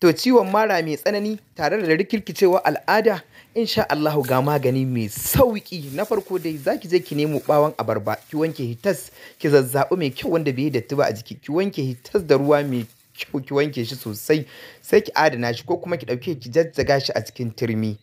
to ciwon mara mai tsanani tare da rikirkicewa al'ada insha Allahu ga magani mai sauki na farko dai zaki je ki nemo bawon abarba ki wanke hitas ki zazzabi mai kyau wanda bai datti ba a jiki ki wanke hitas da ruwa mai kyau ki wanke shi sosai sai ki adana shi ko kuma ki dauke ki jajjaga shi a cikin turmi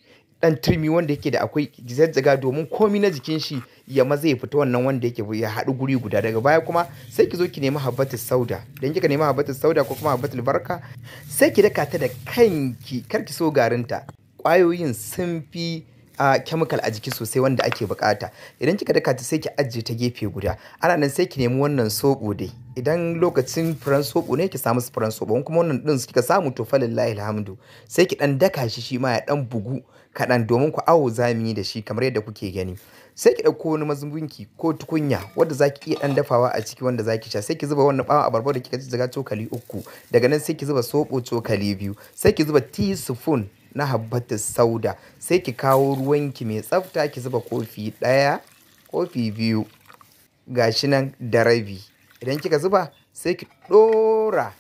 ɗan turmi wanda yake da akwai zazzaga domin komi na jikin shi ya maza ya fita wannan wanda yake ya haɗu guri guda daga baya kuma sai ki zo ki nemi habbatul sauda dan kika nemi habbatul sauda ko kuma habbatul barka sai ki daka ta da kanki kar ki so garinta ƙwayoyin sun fi a chemical a jiki sosai wanda ake bukata idan kika daka ta sai ki ajiye ta gefe guda ana nan sai ki nemi wannan soɓo dai idan lokacin furan soɓo ne ki samu furan soɓo kuma wannan din kika samu to falillahi alhamdu sai ki dan daka shi shi ma ya dan bugu kaɗan domin ku awo zamu yi da shi kamar yadda kuke gani sai ki ɗauko wani mazubinki ko tukunya wanda zaki iya ɗan dafawa a ciki wanda zaki sha sai ki zuba wannan ɓawon abarba da kika ci daga cokali uku daga nan sai ki zuba soɓo cokali biyu sai ki zuba teaspoon na habbatus sauda sai ki kawo ruwanki mai tsafta ki zuba kofi ɗaya kofi biyu gashi nan da rabi idan kika zuba sai ki ɗora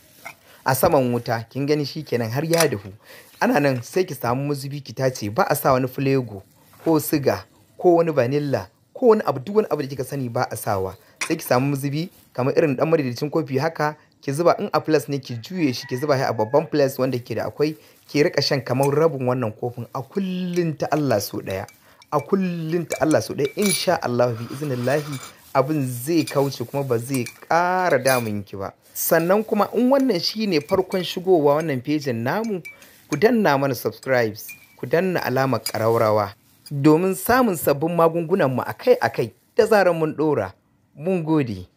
a saman wuta kin gani shi kenan har ya dahu ana nan sai ki samu mazubi ki tace ba a sa wani filego ko siga ko wani vanilla ko wani abu duk wani abu da kika sani ba a sawa sai ki samu mazubi kamar irin dan madadicin kofi haka ki zuba in a plus ne ki juye shi ki zuba shi a babban plus wanda ke da akwai ki rika shan kamar rabin wannan kofin a kullun ta Allah so daya a kullun ta Allah so daya insha Allah bi iznillahi abin zai kauce kuma ba zai ƙara damun ki ba sannan kuma in wannan shine farkon shigowa wannan fejin namu ku danna mana subscribes ku danna alamar ƙaraurawa domin samun sabbin magungunan mu akai-akai da zarar mun ɗora mun gode